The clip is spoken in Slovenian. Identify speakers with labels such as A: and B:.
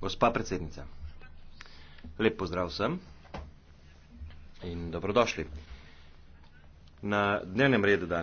A: Gospa predsednica, lep pozdrav vsem in dobrodošli. Na dnevnem redu dan.